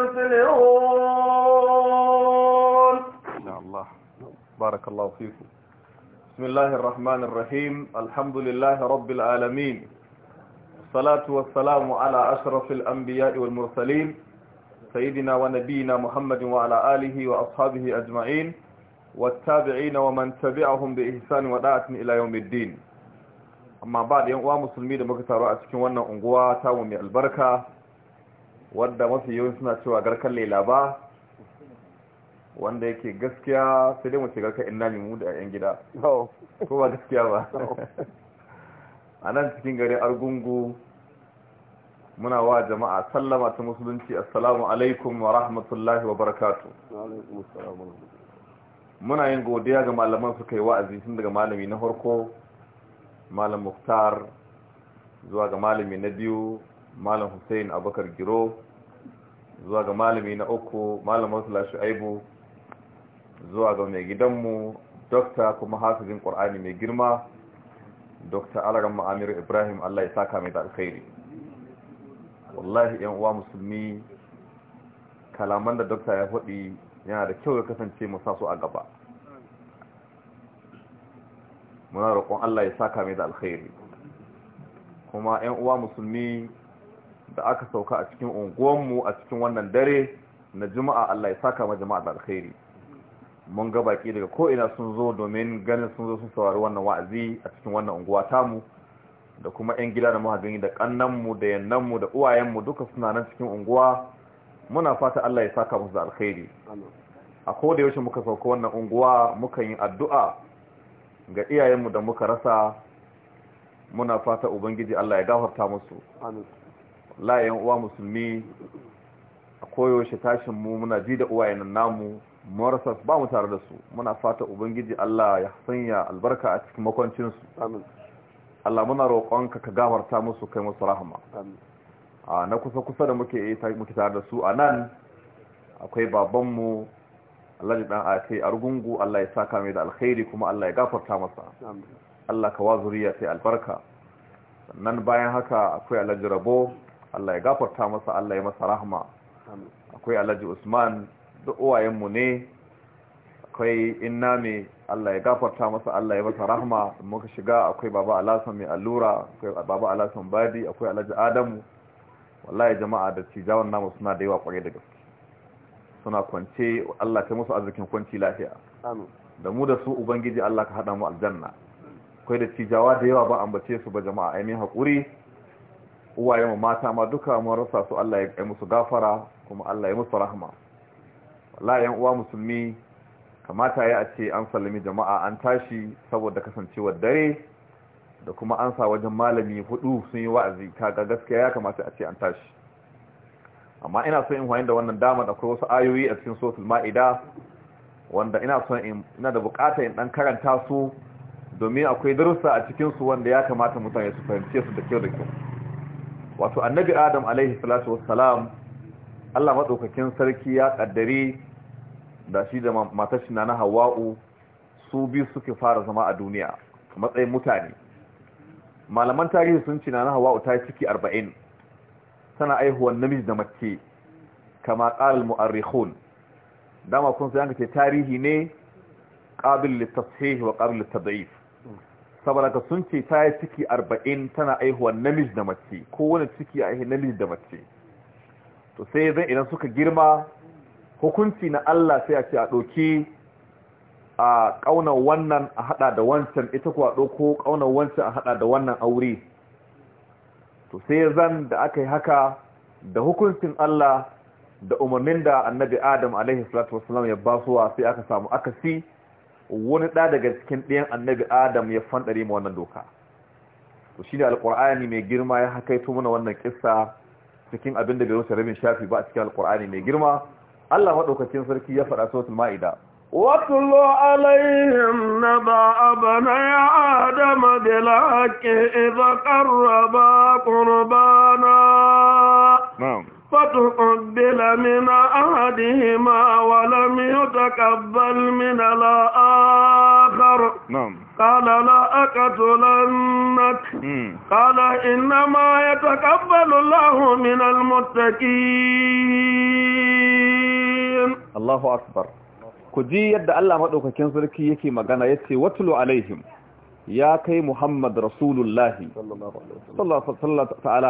يفلحون نعم الله بارك الله فيكم بسم الله الرحمن الرحيم الحمد لله رب العالمين الصلاة والسلام على أشرف الأنبياء والمرسلين سيدنا ونبينا محمد وعلى آله وأصحابه أجمعين والتابعين ومن تبعهم بإحسان وداعة إلى يوم الدين amma ba da yan'uwa musulmi da muka taru a cikin wannan unguwa ta mai albarka wadda mafi yawan suna cewa garkan lela ba wanda yake gaskiya sai dai mace garkan ina mu da 'yan gida ko ba gaskiya ba oh. a nan cikin gari argungu muna wa jama'a sallama ta musulunci assalamu alaikum wa rahmatullahi wa barakatu muna yin godiya ga malaman su kai wa'azi sun daga malami na farko malam muftar zuwa ga malami na biyu malam hussein abubakar giro zuwa ga malami na uku malam masula aibu zuwa ga mai gidanmu dokta kuma hafizin ƙwar'ani mai girma dokta alaram ma'amir ibrahim allah ya saka mai da alkhairi wallahi yan uwa musulmi kalaman da dokta ya faɗi yana da kyau ya kasance mu su a gaba muna roƙon allah ya saka mai da alkhairi kuma yan uwa musulmi da aka sauka a cikin unguwanmu a cikin wannan dare na juma'a Allah ya saka ma jama'a da alkhairi mun ga baki daga ko'ina sun zo domin ganin sun zo sun saurari wannan wa'azi a cikin wannan unguwa tamu da kuma 'yan gida da mahagani da kannanmu da yannanmu da uwayenmu duka suna nan cikin unguwa muna fata Allah ya saka musu da alkhairi a da yaushe muka sauka wannan unguwa muka yi addu'a ga iyayenmu da muka rasa muna fata ubangiji Allah ya gafarta musu layan uwa musulmi a koyaushe tashin mu muna ji da uwa yanan namu marasas ba mu tare da su muna fata ubangiji Allah ya sanya albarka a cikin makwancinsu Allah muna roƙonka ka gafarta musu kai musu rahama a na kusa kusa da muke muke tare da su a nan akwai babanmu Allah a dan a argungu Allah ya saka mai da alkhairi kuma Allah ya gafarta masa Allah ka wa zuriya sai albarka nan bayan haka akwai Alhaji Rabo Allah ya gafarta masa Allah ya masa rahma akwai Alhaji Usman duk uwayenmu ne akwai inna me Allah ya gafarta masa Allah ya masa rahma muka shiga akwai baba Alasan mai allura akwai baba Alasan Badi akwai Alhaji Adamu wallahi jama'a da cijawan namu suna da yawa kware da gaske suna kwance Allah ta musu arzikin kwanci lafiya da mu da su ubangiji Allah ka hada mu aljanna akwai da cijawa da yawa ba ambace su ba jama'a ainihin haƙuri uwaye mu mata ma duka mun rasa su Allah ya kai musu gafara kuma Allah ya musu rahma wallahi yan uwa musulmi kamata ya ce an sallami jama'a an tashi saboda kasancewar dare da kuma an wajen malami hudu sun yi wa'azi kaga gaskiya ya kamata a ce an tashi amma ina son in hoyin da wannan dama da akwai wasu ayoyi a cikin suratul ma'ida wanda ina son ina da bukata in dan karanta su domin akwai darussa a cikin su wanda ya kamata mutane su fahimce su da kyau da kyau wato annabi adam alaihi salatu wassalam Allah madaukakin sarki ya kaddare da shi da matar shi na Hawwa'u su biyu suke fara zama a duniya matsayin mutane malaman tarihi sun ce na Hawwa'u ta ciki 40 tana aihuwan namiji da mace kama qal mu'arrikhun dama kun sai an ce tarihi ne qabil litashih wa qabil litad'if saboda ka sun ce ta yi ciki arba'in tana aihuwa namiji da mace ko wani ciki a yi namiji da mace to sai zan idan suka girma hukunci na Allah sai a ce a ɗauki a ƙaunar wannan a haɗa da wancan ita kuwa ɗauko ƙaunar wancan a haɗa da wannan aure to sai zan da aka yi haka da hukuncin Allah da umarnin da annabi Adam alaihi salatu wasalam ya basuwa sai aka samu akasi wani ɗa daga cikin ɗayan annabi adam ya fanɗare ma wannan doka to shi ne alƙur'ani mai girma ya hakaito mana wannan ƙissa cikin abin da bai wuce rabin shafi ba a cikin alƙur'ani mai girma allah maɗaukakin sarki ya faɗa suratul ma'ida واتل عليهم نبأ بني آدم بالحق da قربا قربانا نعم فتقبل من أحدهما ولم يتقبل من الآخر نعم قال لا أقتلنك قال إنما يتقبل الله من المتقين الله أكبر كجي يد الله مدوك كنزلك يكي مغانا يتي واتلو عليهم ya kai Muhammad Rasulullahi sallallahu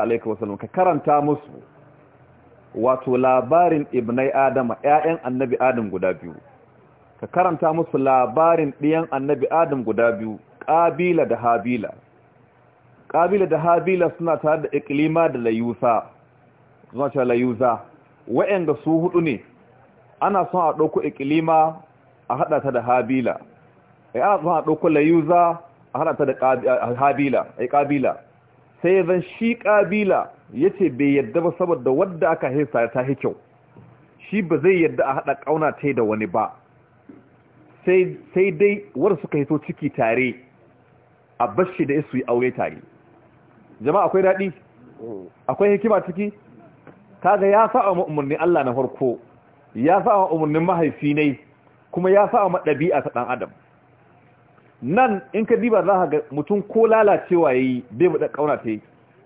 alaihi wasallam ka karanta musu wato labarin ibnai adama ƴaƴan annabi adam guda biyu ka karanta musu labarin ɗiyan annabi adam guda biyu ƙabila da habila ƙabila da habila suna tare da iklima da layusa zuwa ce layuza wa'yanda su hudu ne ana son a ɗauko iklima a haɗa ta da habila ya ana son a ɗauko layuza a haɗa ta da habila ƙabila sai zan shi ƙabila ya ce bai yadda ba saboda wadda aka haifa ta kyau shi ba zai yadda a haɗa ƙauna ta da wani ba sai dai wadda suka hito ciki tare a bashi da isu yi aure tare jama'a akwai daɗi akwai hikima ciki Ta ga ya sa a ma'amunin Allah na farko ya sa umarnin mahaifi ne kuma ya sa ma'ɗabi a ta ɗan adam nan in ka diba za ga mutum ko lalacewa ya yi bai mu da kauna ta yi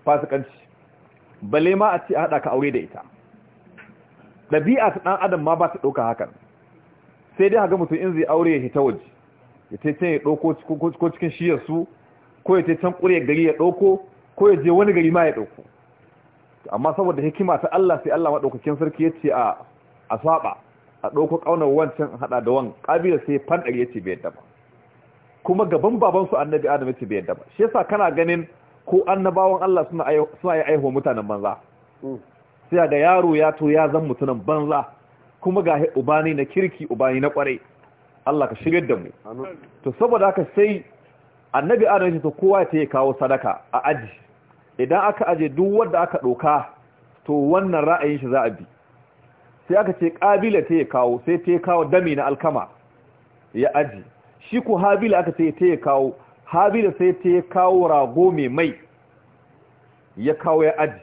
fasikanci balle ma a ce a haɗa ka aure da ita ɗabi'a ta dan adam ma ba ta ɗauka hakan sai dai haga mutum in zai aure ya hita waje ya ce can ya ɗauko ko cikin shiyar su ko ya ce can ƙure gari ya dauko ko ya je wani gari ma ya ɗauko amma saboda hikima ta Allah sai Allah madaukakin sarki ya ce a saba a ɗauko kaunar wancan haɗa da wan ƙabilar sai fanɗari ya ce bai yadda ba kuma gaban babansu annabi adam yace bai yadda ba shi yasa kana ganin ko annabawan Allah suna suna yi aihuwa mutanen banza mm. sai ga yaro ya to ya zan mutunan banza kuma ga ubani na kirki ubani na kwarai Allah ka shigar da mu to saboda haka sai annabi adam yace to kowa ya kawo sadaka a aji idan aka aje duk wanda aka doka to wannan ra'ayin shi za a bi sai aka ce kabila ta ya kawo sai ta ya kawo dami na alkama ya aji shi ko habila aka ce ta ya kawo habila sai ta ya kawo rago mai mai ya kawo ya aji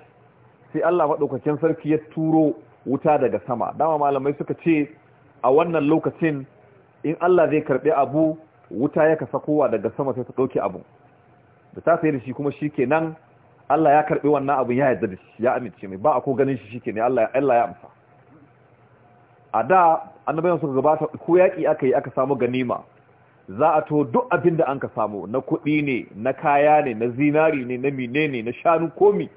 sai Allah maɗaukakin sarki ya turo wuta daga sama dama malamai suka ce a wannan lokacin in Allah zai karɓi abu wuta ya kasa kowa daga sama sai ta ɗauki abu da ta sai da shi kuma shi kenan Allah ya karɓi wannan abu ya yarda da shi ya amince mai ba a ko ganin shi ke ne Allah Allah ya amsa a da annabawan suka gabata ko yaƙi aka yi aka samu ganima za a to duk abin da an ka samu na kuɗi ne na kaya ne na zinari ne na mine ne na shanu komi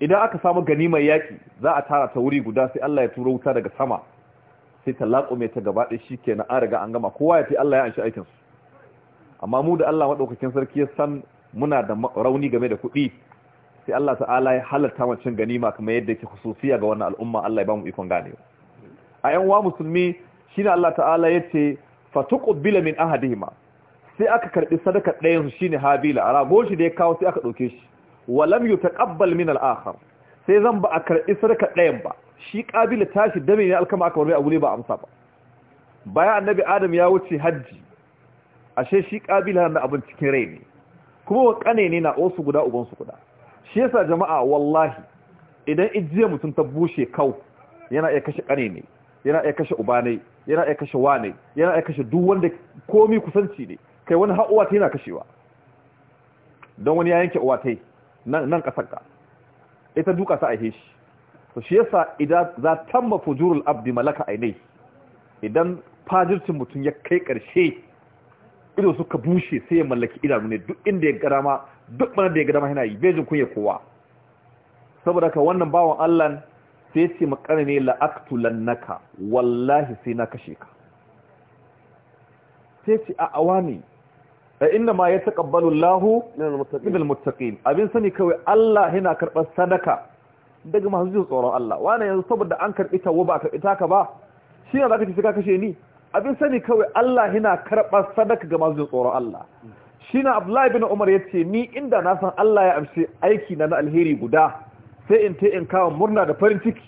idan aka samu gani ganimar yaƙi za a tara ta wuri guda sai Allah ya turo wuta daga sama sai ta laƙume ta gaba ɗaya shi kenan an riga an gama kowa ya fi Allah ya anshi aikinsu amma mu da Allah maɗaukakin sarki ya san muna da rauni game da kuɗi sai Allah ta'ala ya halatta gani ganima kamar yadda yake hususiya ga wannan al'umma Allah ya ba ikon ganewa a yan wa musulmi shi shine Allah ta'ala ya ce. fatuqbila min ahadihima sai aka karbi sadaka ɗayan su shine habila rago shi da ya kawo sai aka dauke shi walam yutaqabbal min al-akhar sai zan ba a karbi sadaka ɗayan ba shi kabila tashi da ne alkama aka warbe abu ne ba amsa ba bayan annabi adam ya wuce hajji ashe shi kabila na abin cikin rai ne kuma wa kane ne na osu guda uban su guda shi yasa jama'a wallahi idan ijiya mutum ta bushe kau yana iya kashe kane ne yana iya kashe ubanai yana iya kashe wane yana iya kashe duk wanda komi kusanci ne kai wani har uwa ta yana kashewa don wani ya yanke uwa ta nan nan kasanka ita duka ta aihe shi to shi yasa idan za tamma fujurul abdi malaka ainai idan fajircin mutum ya kai karshe ido suka bushe sai ya mallaki idanu ne duk inda ya gada duk mana da ya garama yana yi bejin kunya kowa saboda ka wannan bawan Allah sai ce makana ne la'aktulan naka wallahi sai na kashe ka sai ce a awami a inda ma ya taƙabbalu lahu minal mutaƙin abin sani kawai Allah yana karɓar sadaka daga masu jin tsoron Allah wani yanzu saboda an karɓi tawo ba a karɓi taka ba shi ne za ka ka kashe ni abin sani kawai Allah yana karɓar sadaka ga masu jin tsoron Allah shi na Abdullahi bin Umar ya ce ni inda na san Allah ya amshi aiki na na alheri guda sai in te in kawo murna da farin ciki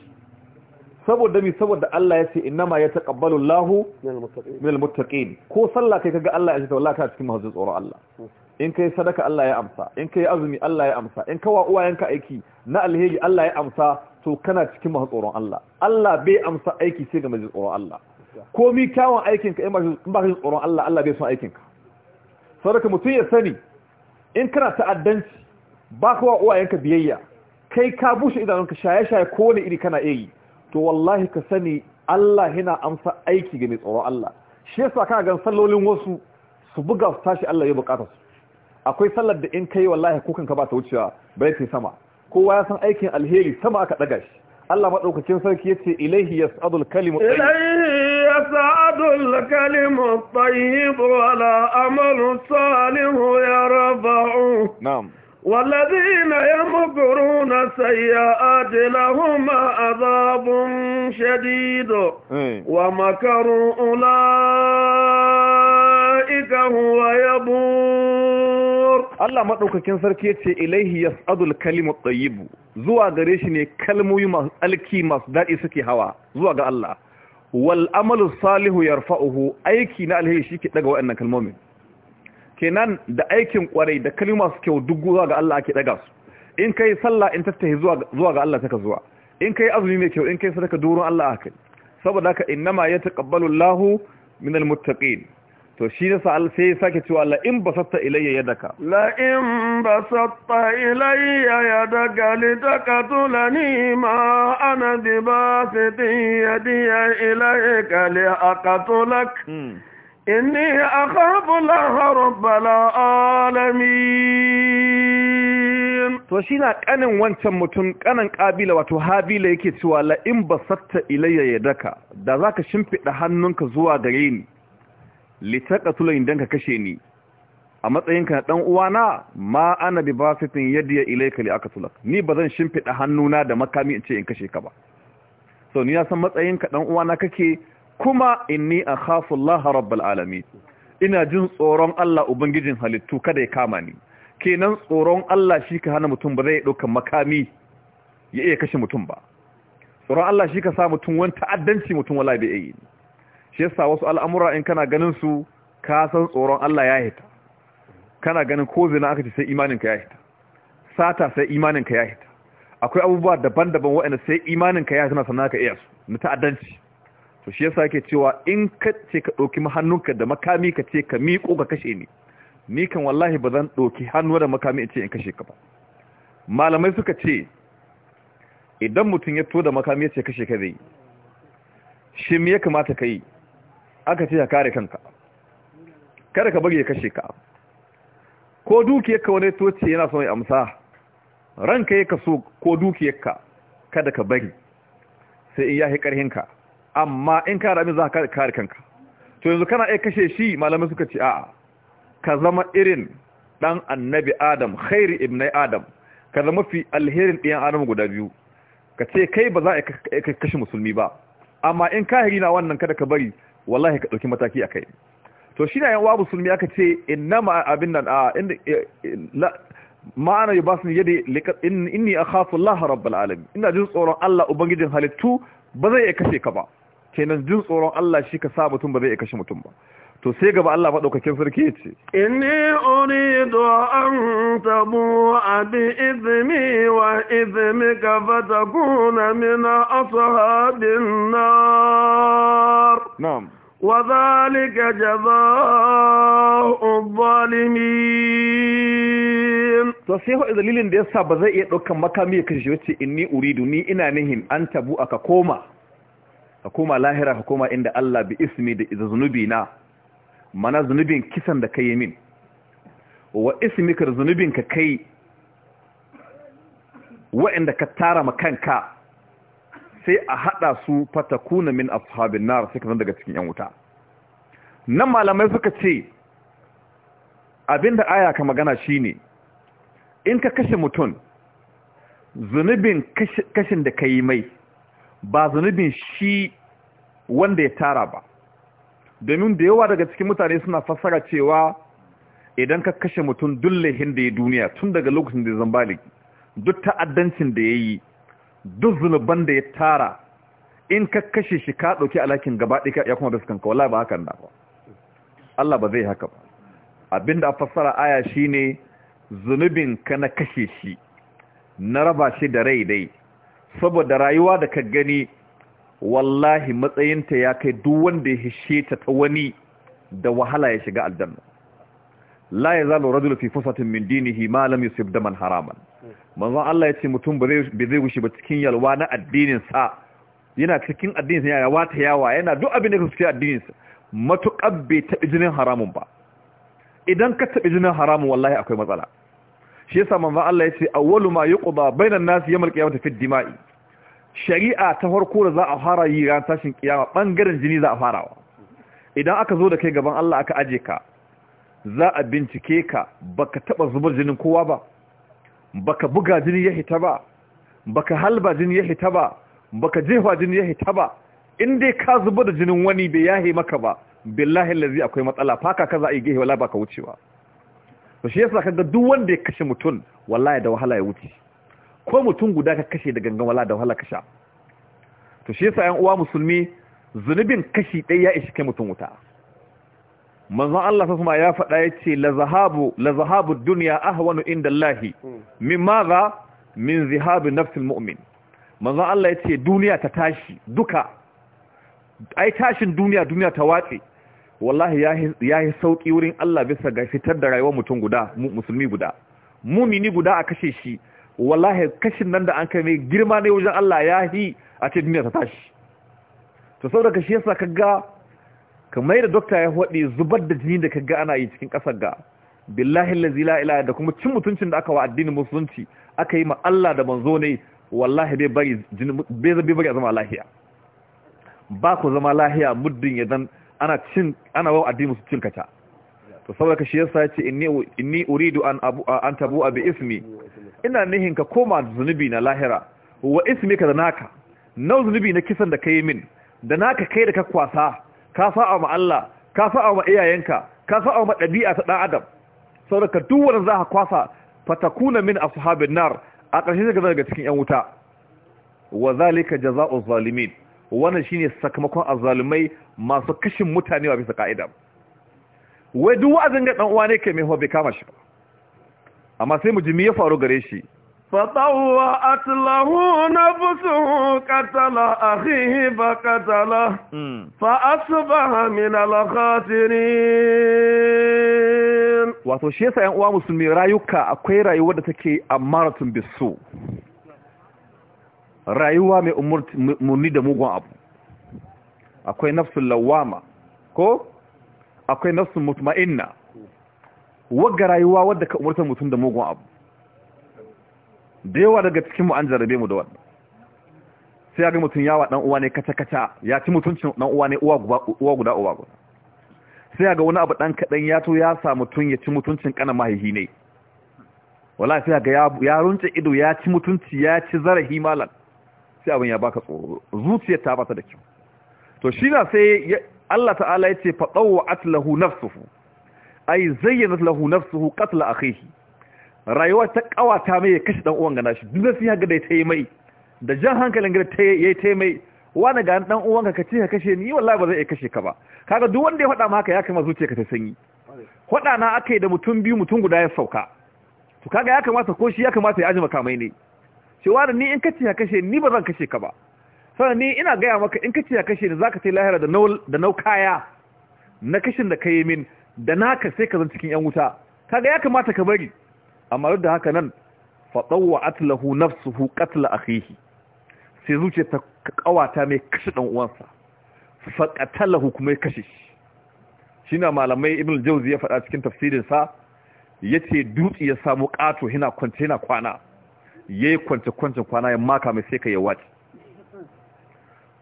saboda mi saboda Allah ya ce innama ya taqabbalu Allahu minal muttaqin ko sallah kai kaga Allah ya ce tawalla ka cikin mahzun tsoro Allah in kai sadaka Allah ya amsa in kai azumi Allah ya amsa in kawa uwayenka aiki na alheri Allah ya amsa to kana cikin mahzun tsoron Allah Allah bai amsa aiki sai ga mahzun tsoron Allah mi kyawun aikin ka in ba ka tsoron Allah Allah bai son aikin ka sadaka mutum ya sani in kana ta'addanci ba kawa uwayenka biyayya kai ka bushe idanunka shaye-shaye ko wani iri kana iya yi to wallahi ka sani Allah yana amsa aiki ga mai tsoron Allah shi yasa ka gan sallolin wasu su buga su tashi Allah ya bukata su akwai sallar da in kai wallahi ko kanka ba ta wucewa bai ta sama kowa ya san aikin alheri sama aka daga shi Allah madaukakin sarki yace ilaihi yas'adul kalimu ilaihi yas'adul kalimu tayyib wala amalu salihu yarfa'u na'am والذين يمكرون السيئات لهم عذاب شديد ومكروا أولئك هو يبور الله مدوكاكين sarki yace ilaihi yasadul kalimu tayyib zuwa gare shi ne kalmoyi masu alki masu dadi suke hawa zuwa ga Allah wal amalu salihu yarfa'uhu aiki na shi ke ɗaga waɗannan kalmomin kenan da aikin kwarai da kalima su kyau duk zuwa ga Allah ake daga su in kai sallah in tattahi zuwa zuwa ga Allah saka zuwa in kai azumi mai kyau in kai sadaka durun Allah akai saboda haka innama yataqabbalu Allahu min almuttaqin to shi ne sa'al sai sake cewa Allah in basatta ilayya yadaka la in basatta ilayya yadaka litaqtulani ma ana bi yadiya ilayka li aqtulak hmm. إني أخاف الله رب العالمين to shi na kanin wancan mutum kanin kabila wato habila yake cewa la in basatta ilayya yadaka da zaka shimfida hannunka zuwa gare ni litaqatula indan ka kashe ni a matsayinka na dan uwana ma ana bi basitin yadiya ilayka li akatulak ni bazan shimfida hannuna da makami in ce in kashe ka ba so ni na san matsayinka dan uwana kake kuma inni akhafu Allah ina jin tsoron Allah ubangijin halittu kada ya kama ni kenan tsoron Allah shi ka hana mutum ba zai dauka makami ya iya kashe mutum ba tsoron Allah shi ka sa mutum wani ta'addanci mutum wala bai yi shi yasa wasu al'amura in kana ganin su ka san tsoron Allah ya hita kana ganin ko zina aka ce sai imanin ka ya hita sata sai imanin ya hita akwai abubuwa daban-daban waɗanda sai imanin ka ya hita na sannan iya su na ta'addanci to shi yasa ke cewa in ka ce ka ɗauki hannunka da makami ka ce ka miƙo ka kashe ni ni kan wallahi ba zan ɗauki hannu da makami in ce in kashe ka ba malamai suka ce idan mutum ya to da makami ya ce kashe ka zai shi me ya kamata ka yi aka ce ka kare kanka kada ka bari ya kashe ka ko ka wani to ce yana son ya amsa ranka ya kaso ko ka kada ka bari sai in yahi karhinka amma in ka rami za ka kare kanka to yanzu kana iya kashe shi malamai suka ce a'a ka zama irin dan annabi adam khairu ibnai adam ka zama fi alherin ɗiyan adam guda biyu ka ce kai ba za a kashe musulmi ba amma in ka hari na wannan kada ka bari wallahi ka ɗauki mataki a kai to shi na yawa musulmi aka ce innama abin nan a inda e, e, ma'ana ba su yadda inni a Allah rabbul alamin ina jin tsoron Allah ubangijin halittu ba zai iya kashe ka ba kenan jin tsoron Allah shi ka sa mutum ba zai kashe mutum ba to sai gaba Allah maɗaukakin sarki ya ce inni uridu an tabu abi izmi wa izmi ka fatakuna min ashabin nar na'am wa zalika jazaa'u zalimin to sai ho dalilin da yasa ba zai iya daukan makami ya kashe wace inni uridu ni ina nihin an tabu aka koma ka lahira ka inda Allah bi ismi da zunubi na mana zunubin kisan da kai min wa ismika zunubin ka kai waɗanda ka tara ma kanka sai a hada su fatakuna min ashabin nar sai ka zan daga cikin yan wuta nan malamai suka ce abinda aya ka magana shine in ka kashe mutum zunubin kashin da ka yi mai ba zunubin shi wanda ya tara ba domin da yawa daga cikin mutane suna fassara cewa idan ka kashe mutum dullahin da ya duniya tun daga lokacin da ya zan duk ta'addancin da ya yi duk zunuban da ya tara in ka kashe shi ka ɗauki alakin gaba ɗaya ya kuma biskanka kawo ba hakan na ba Allah ba zai haka ba abinda a fassara aya shine zunubin ka na kashe shi na raba shi da rai dai saboda rayuwa da ka gani wallahi matsayinta ya kai duk wanda ya hishe ta ta wani da wahala ya shiga aljanna la yazalu rajul fi fusatin min dinihi ma lam yusib daman haraman manzo Allah yace mutum ba zai wuce ba cikin yalwa na addinin sa yana cikin addinin sa ya wata yawa yana duk abin da cikin addinin sa matuƙar bai ta jinin haramun ba idan ka ta jinin haramun wallahi akwai matsala shi yasa manzo Allah yace awwalu ma yuqda bainan nas yawmal qiyamati fi dima'i shari'a ta farko da za a fara yi ran tashin kiyama bangaren jini za a farawa idan aka zo da kai gaban Allah aka aje ka za a bincike ka baka taba zubar jinin kowa ba baka buga jini ya hita ba baka halba jini ya hita ba baka jefa jini ya hita ba in dai ka zubar da jinin wani bai yahe maka ba billahi allazi akwai matsala faka ka za a yi gehe wala baka wucewa to shi yasa kaga duk wanda ya kashe mutum wallahi da wahala ya wuce ko mutum guda ka kashe da gangan wala da wahala ka sha to shi yasa ƴan uwa musulmi zunubin kashi ɗaya ya ishi kai mutum wuta manzon Allah sasuma ya faɗa ya ce la zahabu la zahabu dunya ahwanu inda Allah hmm. min madha min zihabi nafsil mu'min manzon Allah ya ce duniya ta tashi duka ai tashin duniya duniya ta watse wallahi ya yi sauki wurin Allah bisa ga fitar da rayuwar mutum guda musulmi guda mumini guda a kashe shi wallahi kashin nan da an kai mai girma ne wajen Allah ya yi a ce duniya ta tashi to saboda ka shi yasa ka mai da dokta ya haɗe zubar da jini da ka ga ana yi cikin ƙasar ga billahi lazi la ilaha da kuma cin mutuncin da aka wa addinin musulunci aka yi ma Allah da manzo ne wallahi bai bari bai zabi bari zama lahiya ba ku zama lahiya muddin yadan ana cin ana wa addinin musulunci cin kata to saboda ka shi yasa ya ce inni inni uridu an abu an bi ismi ina nihin ka koma zunubi na lahira wa ismika da naka na zunubi na kisan da ka yi min da naka kai da ka kwasa ka fa'a ma Allah ka fa'a ma iyayenka ka fa'a ma ɗabi'a ta ɗan adam saboda duk wanda za ka kwasa fatakuna min ashabin nar a ƙarshe ka daga cikin yan wuta wa zalika jazaa'u zalimin wannan shine sakamakon azzalumai masu kashin mutane wa bisa ka'ida wai duk wa'azin ga dan uwa ne kai mai hobe kama shi amma sai mu ji me ya faru gare shi فطوأت له fa قتل أخيه ba فأصبح من الخاسرين wato shi yasa 'yan uwa musulmi rayuka akwai rayuwa da take a amaratun bisu rayuwa mai umarni da mugun abu akwai nafsul lawama ko akwai nafsul mutma'inna wagga rayuwa wadda ka umarta mutum da mugun abu da yawa daga cikinmu an jarabe mu da wannan sai ya ga mutum yawa dan uwa ne kata-kata ya ci mutuncin dan uwa ne uwa guda uwa guda sai ga wani abu dan kadan ya to ya sa mutum ya ci mutuncin kana mahihi ne wala sai ga ya runce ido ya ci mutunci ya ci zarahi malan sai abin ya baka tsoro zuciyar ta bata da kyau to shi na sai Allah ta'ala ya ce fadawa atlahu nafsuhu ai zayyana lahu nafsuhu qatl akhihi rayuwa ta kawata mai ya kashe dan uwan ga nashi duk sai haka da ta yi mai da jan hankalin ga ta yi tayi mai wani ga dan uwan ka ce ka kashe ni wallahi ba zai kashe ka ba kaga duk wanda ya faɗa maka ya kama zuciya ka ta sanyi faɗa na akai da mutum biyu mutum guda ya sauka to kaga ya kamata ko shi ya kamata ya ajima kamai ne shi wani ni in kace ya kashe ni ba zan kashe ka ba sannan ni ina gaya maka in kace ya kashe ni zaka tai lahira da nau da nau kaya na kashin da kai min da naka sai ka zan cikin yan wuta kaga ya kamata ka bari amma duk da haka nan fa dawwa'at lahu nafsuhu qatl akhihi sai zuce ta kawata mai kashe dan uwansa fa qatalahu kuma ya kashe shi shine malamai ibn al jawzi ya faɗa cikin tafsirin sa yace dutse ya samu kato hina kwance hina kwana yayi kwance kwance kwana ya maka sai ka ya wace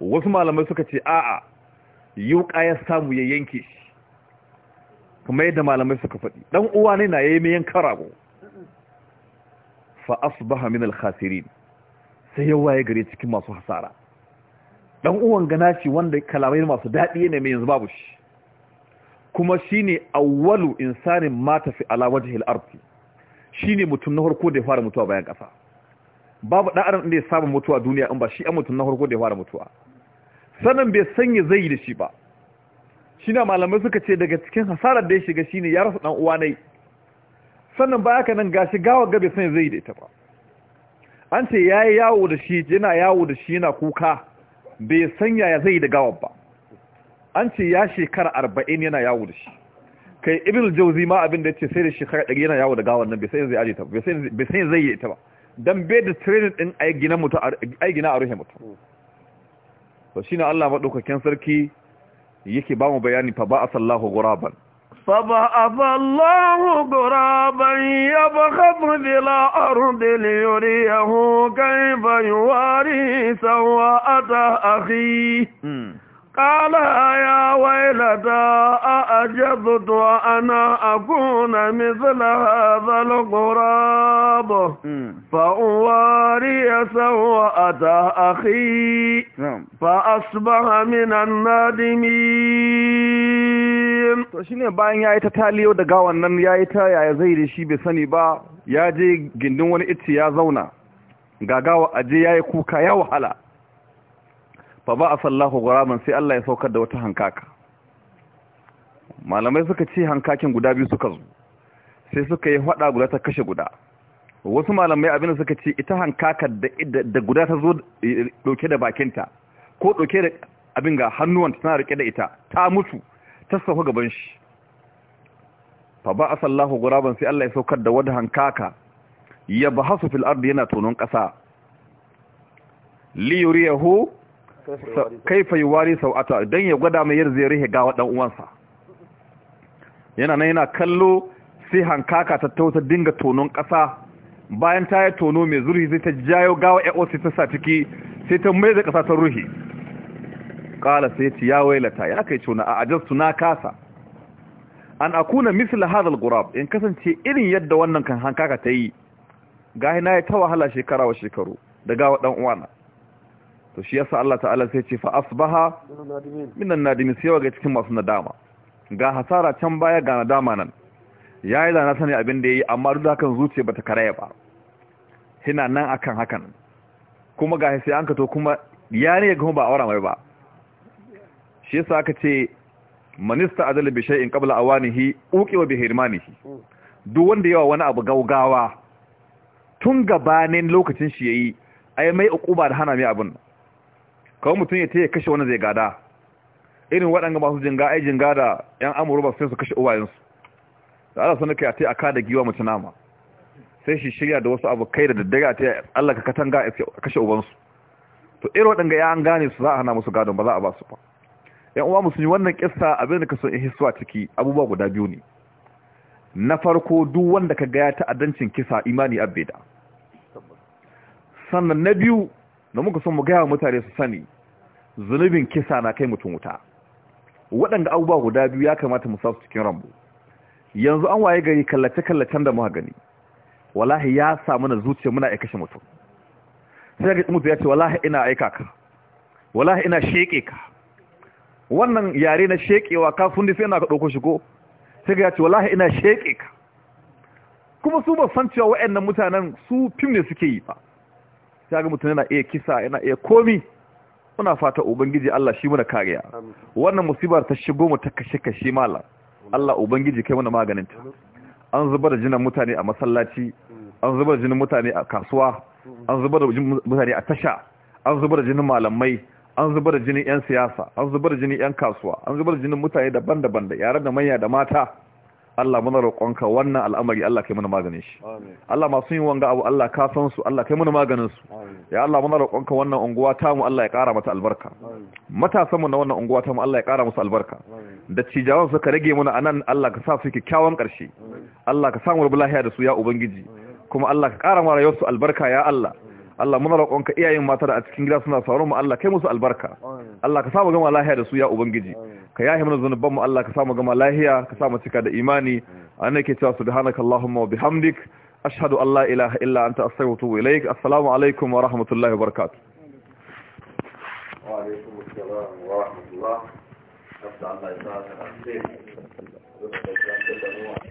wasu malamai suka ce a'a yuka ya samu ya yanke shi kamar yadda malamai suka faɗi Ɗan uwa ne na yayi mai yanka rago fa asbaha min al-khasirin sai ya waye gare cikin masu hasara Ɗan uwan gana wanda kalamai masu daɗi ne mai yanzu babu shi kuma shine awwalu insanin mata fi ala wajhi al Shi shine mutum na farko da ya fara mutuwa bayan kasa babu dan adam da ya saba mutuwa duniya in ba shi an mutum na farko da ya fara mutuwa sanan bai sanya zai da shi ba shine malamai suka ce daga cikin hasarar da ya shiga shine ya rasa dan uwa nai sannan ba ka nan gashi gawa gabe sai zai da ita ba an ce yayi yawo da shi yana yawo da shi yana kuka bai sanya ya zai da gawa ba an ce ya shekara arba'in yana yawo da shi kai ibn jauzi ma abin da yace sai da shekara 100 yana yawo da gawan nan bai sai zai aje ta bai sai bai sai zai yi ta ba dan bai da training din ai gina mutu ai gina a ruhe mutu to shine Allah madaukakin sarki yake bamu bayani fa ba salahu guraban fa ba asallahu guraban yabghadu bil ardi li yuriyahu kayfa yuwari sawata akhi hmm. قال يا ويلتى أأجبت وأنا أكون مثل هذا الغراب فأواري سوءة أخي فأصبح من النادمين to shine bayan yayi ta taliyo da gawan nan yayi ta yaya zai da shi bai sani ba ya je gindin wani itti ya zauna gagawa aje yayi kuka ya wahala fa ba a sallahu guraman sai Allah ya saukar da wata hankaka malamai suka ce hankakin guda biyu suka zo sai suka yi hada guda ta kashe guda wasu malamai abin da suka ce ita hankakar da guda ta zo dauke e, e, da bakinta ko dauke da abin ga hannuwanta tana rike da ita ta mutu ta sauka gaban shi fa ba a sallahu guraban sai Allah ya saukar da wata hankaka ya ba fil ardi yana tonon kasa li yuriyahu kaifa sau sau'ata don ya gwada mai yadda zai rihe gawa dan uwansa yana na yana kallo sai hankaka ta tausa dinga tonon ƙasa bayan ta yi tono mai zurhi sai ta jayo gawa osi ta sa ciki sai ta mai zai ƙasa ta ruhi ƙala sai ci ya wailata ya kai cuna a ajarsu na kasa an akuna misla hazal gurab in kasance irin yadda wannan kan hankaka ta yi gahi na ya ta wahala shekara wa shekaru da gawa ɗan'uwana. to shi yasa Allah ta'ala sai ce fa asbaha minan nadimin sai waga cikin masu nadama ga hasara can baya ga nadama nan yayi da na sani abin da yayi amma duk hakan zuciya bata karaya ba hina nan akan hakan kuma ga sai an ka to kuma yare ga ba aura mai ba shi yasa aka ce manista adala bi shay'in qabla awanihi wa bi hirmanihi duk wanda yawa wani abu gaugawa tun gabanin lokacin shi yayi ai mai ukuba da hana mai abin kawai mutum ya taya kashe wani zai gada irin waɗanda masu jinga ai jinga da yan amurba sai su kashe uwayensu da Allah sun kai a taya aka da giwa mutu nama sai shi shirya da wasu abu kai da daddare a taya Allah ka katanga a kashe ubansu to irin waɗanda ya an gane su za a hana musu gadon ba za a ba su ba yan uwa yi wannan kissa abin da ka so in hisuwa ciki abubuwa guda biyu ne na farko duk wanda ka gaya ta'addancin kisa imani abeda sannan na biyu da muka son mu gaya mutane su sani zunubin kisa na kai mutum wuta waɗanda abubuwa guda biyu ya kamata mu sasu cikin rambu. yanzu an waye gari kallace-kallacen da muka gani wallahi ya samu na zuciya muna aika shi mutum sai ga mutum ya ce wallahi ina aika ka wallahi ina sheke ka wannan yare na shekewa kafin fundi sai na ka ɗauko shi ko sai ga ya ce wallahi ina sheke ka kuma su ba san cewa waɗannan mutanen su fim ne suke yi ba sai ga mutum yana iya kisa yana iya komi muna fata ubangiji Allah shi muna kariya wannan musibar ta shigo mu ta kashe kashe mala Allah ubangiji kai muna maganin ta an zubar da jinin mutane a masallaci mm. an zubar da jinin mutane a kasuwa mm. an zubar da jinin mutane a tasha an zubar da jinin malamai an zubar da jinin yan siyasa an zubar da jinin yan kasuwa an zubar da jinin mutane daban-daban da yaran da manya da mata Allah muna roƙonka wannan al'amari Allah kai muna maganin shi Allah masu yin wanga abu Allah ka san su Allah kai muna maganin su ya Allah muna roƙonka wannan unguwa ta mu Allah ya ƙara mata albarka matasan mu na wannan unguwa ta mu Allah ya ƙara musu albarka da cijawan suka rage muna anan Allah ka sa su kyakkyawan ƙarshe Allah ka samu rabu lahiya da su ya ubangiji kuma Allah ka ƙara mara su albarka ya Allah Allah muna roƙonka iyayen mata da a cikin gida suna sauraron mu Allah kai musu albarka Allah ka samu gama lahiya da su ya ubangiji ka yahi mana zanuban mu Allah ka samu gama lahiya ka samu cika da imani an nake cewa subhanaka allahumma wa bihamdik ashhadu an la ilaha illa anta astaghfiruka wa atubu ilaik assalamu alaikum wa rahmatullahi wa barakatuh wa alaikum assalam wa rahmatullah Allah ya